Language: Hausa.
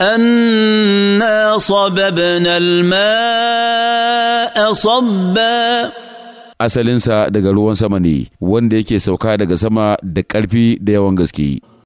انا صببنا الماء صبا asalinsa daga ruwan sama ne wanda yake sauka daga sama da ƙarfi da yawan gaske